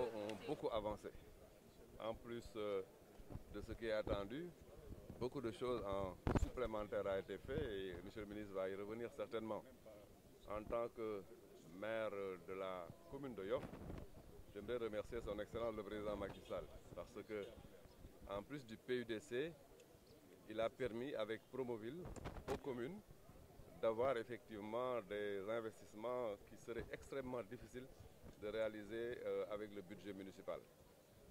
ont beaucoup avancé. En plus euh, de ce qui est attendu, beaucoup de choses en supplémentaire a été faites et M. le ministre va y revenir certainement. En tant que maire de la commune de Yoff, j'aimerais remercier son excellence le président Macky Sall parce que en plus du PUDC, il a permis avec Promoville aux communes d'avoir effectivement des investissements qui seraient extrêmement difficiles de réaliser euh, avec le budget municipal.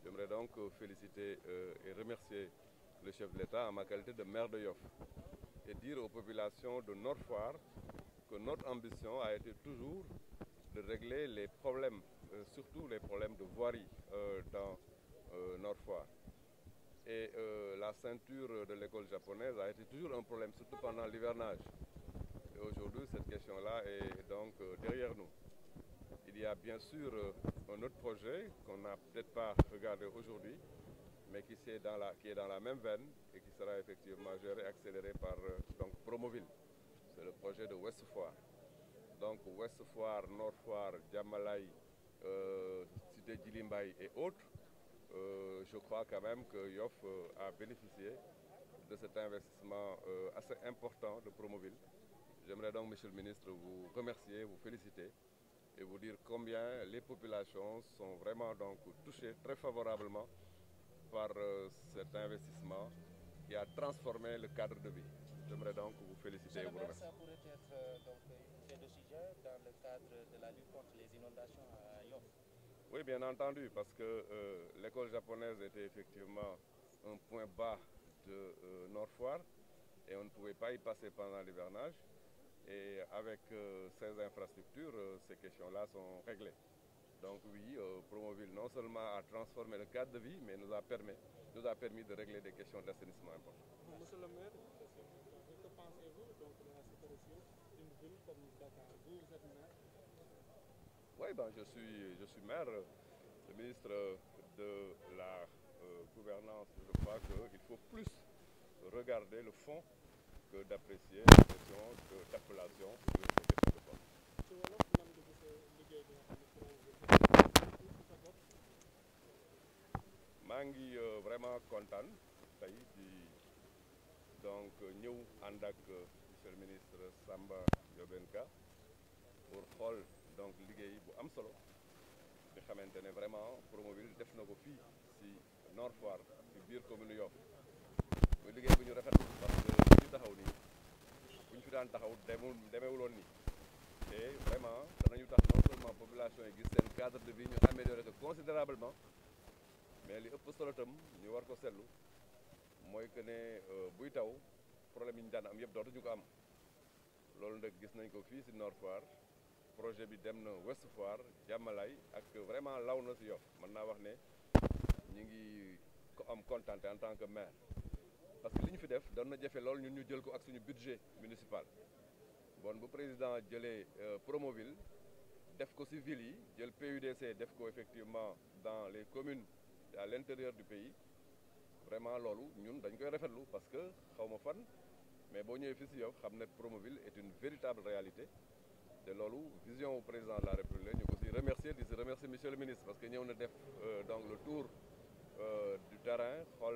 J'aimerais donc euh, féliciter euh, et remercier le chef de l'État en ma qualité de maire de Yoff et dire aux populations de Nord-Foire que notre ambition a été toujours de régler les problèmes, surtout les problèmes de voirie dans Nord-Foire. Et la ceinture de l'école japonaise a été toujours un problème, surtout pendant l'hivernage aujourd'hui, cette question-là est donc euh, derrière nous. Il y a bien sûr euh, un autre projet qu'on n'a peut-être pas regardé aujourd'hui, mais qui, est dans la, même veine et qui sera effectivement géré, accéléré par euh, donc, Promoville. C'est le projet de West Foire. Donc West Foire, Nord Foire, Djamalai, Cité Djilimbaï et autres, je crois quand même que Yoff a bénéficié de cet investissement assez important de Promoville. J'aimerais donc, Monsieur le ministre, vous remercier, vous féliciter et vous dire combien les populations sont vraiment donc touchées très favorablement par euh, cet investissement qui a transformé le cadre de vie. J'aimerais donc vous féliciter et vous remercier. Ça pourrait être euh, dans le cadre de la lutte contre les inondations à Oui, bien entendu, parce que euh, l'école japonaise était effectivement un point bas de euh, Norfoire et on ne pouvait pas y passer pendant l'hivernage. Et avec euh, ces infrastructures, euh, ces questions-là sont réglées. Donc oui, euh, Promoville non seulement a transformé le cadre de vie, mais nous a permis, nous a permis de régler des questions d'assainissement importantes. Monsieur le maire, que pensez-vous de la situation d'une ville comme Dakar Oui, ben, je, suis, je suis maire. Le ministre de la gouvernance, je crois qu'il faut plus regarder le fond que d'apprécier les questions d'appellation sur les questions de vote. maa euh, vraiment kontaan tey di donc euh, ñëw Andak, euh, monsieur le ministre Samba Yobenka, pour xool donc liggéey bu am solo bi xamante vraiment Promoville def na ko fii si Nord Foire ci biir commune Yoff daan taxaw demul demeewuloon nii te vraiment danañu tax non seulement population yi gis seen cadre de vie ñu amélioré ko considérablement mais li ëpp solo tam ñu war ko seetlu mooy que ne euh, buy taw problème yi ñu daan am yëpp dootuñu ko am loolu nag gis nañ ko fii si Nord Foire projet bi dem na Ouest Foire jàmmalay ak vraiment law na si Yoff man naa wax ne ñu ngi ko am kontaan en tant maire parce que li ñu fi def doon na jafe lool ñun ñu jël ko ak suñu budget municipal bon bu président jëlee euh, Promoville def ko ci ville yi jël PUDC def ko effectivement dans les communes à l'intérieur du pays vraiment loolu ñun dañ koy rafetlu parce que xawma fan mais bo ñëwee fi ci yow xamné Promoville est une véritable réalité de loolu vision au président de la République Je ñu aussi remercier di remercier monsieur le ministre parce que ñëw na def euh, donc le tour euh, du terrain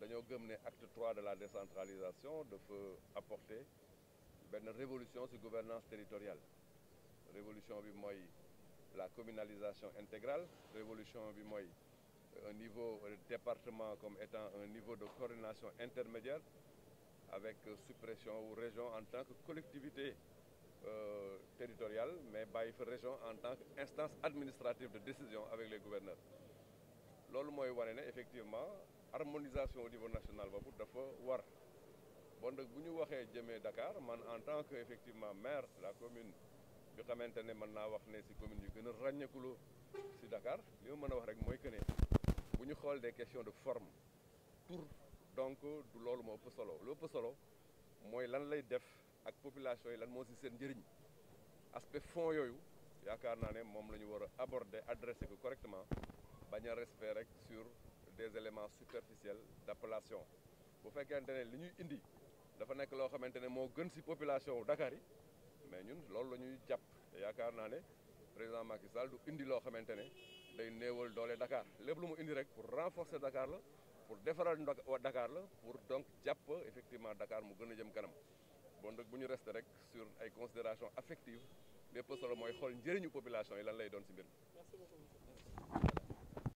dañoo gëm acte 3 de la décentralisation dafa apporter une révolution la gouvernance territoriale révolution bi la communalisation intégrale révolution bi euh, un niveau département comme étant un niveau de coordination intermédiaire avec euh, suppression ou région en tant que collectivité euh, territoriale mais région en tant qu'instance administrative de décision avec les gouverneurs loolu mooy effectivement harmonisation au niveau national va dafa war bon nag bu ñu waxee jëmee Dakar man en tant que effectivement maire la commune bi xamante ne mën naa wax ne si commune est gën a ràññeekuloo si Dakar li ma mën wax rek que des questions de forme tour donc du loolu moo peu solo Le peu solo mooy lan lay def ak population yi lan moo si seen aspect fond yooyu yaakaar naa ne aborder adressé correctement bañ respect rek sur des éléments superficiels d'appellation bu fekkente ne li ñuy indi dafa nek lo xamantene mo moo gën ci population Dakar yi mais ñun loolu la japp jàpp yaakaar naa ne président Macky Sall du indi loo xamante ne day néewal doole Dakar lépp lu mu indi rek pour renforcer Dakar la pour defaral Dakar la pour donc jàpp effectivement Dakar mu gën a jëm kanam bon donc bu ñu rester rek sur ay considérations affectives lépp solo mooy xool njëriñu population yi lan lay doon ci mbir beaucoup